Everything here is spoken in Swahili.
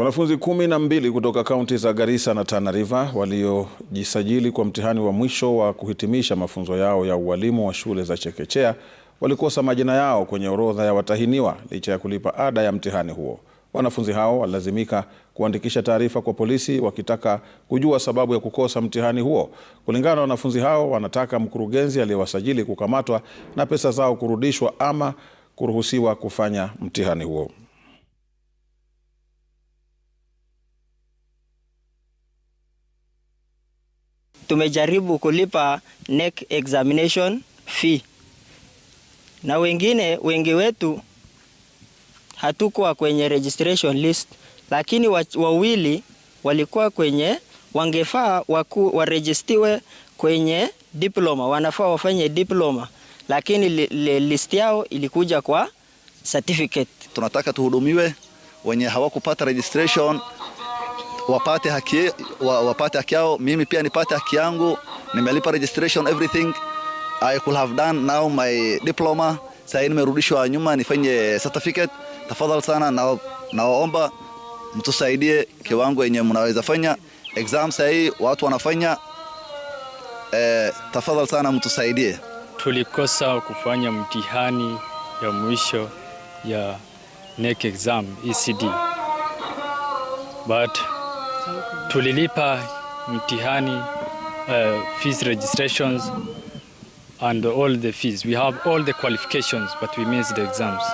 Wanafunzi kumi na mbili kutoka kaunti za Garissa na Tana River waliojisajili kwa mtihani wa mwisho wa kuhitimisha mafunzo yao ya ualimu wa shule za chekechea walikosa majina yao kwenye orodha ya watahiniwa licha ya kulipa ada ya mtihani huo. Wanafunzi hao walilazimika kuandikisha taarifa kwa polisi wakitaka kujua sababu ya kukosa mtihani huo. Kulingana na wanafunzi hao, wanataka mkurugenzi aliyewasajili kukamatwa na pesa zao kurudishwa ama kuruhusiwa kufanya mtihani huo. tumejaribu kulipa neck examination fee, na wengine wengi wetu hatukuwa kwenye registration list, lakini wawili walikuwa kwenye, wangefaa waku, warejistiwe kwenye diploma, wanafaa wafanye diploma, lakini li, li, list yao ilikuja kwa certificate. Tunataka tuhudumiwe wenye hawakupata registration wapate haki, wapate haki yao, mimi pia nipate haki yangu. Nimelipa registration everything I could have done now my diploma. Sasa nimerudishwa nyuma nifanye certificate. Tafadhali sana na naomba mtusaidie kiwango yenye mnaweza fanya exam. Sasa hii watu wanafanya eh, tafadhali sana mtusaidie. Tulikosa kufanya mtihani ya mwisho ya NEC exam ECD but tulilipa mtihani uh, fees registrations and all the fees we have all the qualifications but we missed the exams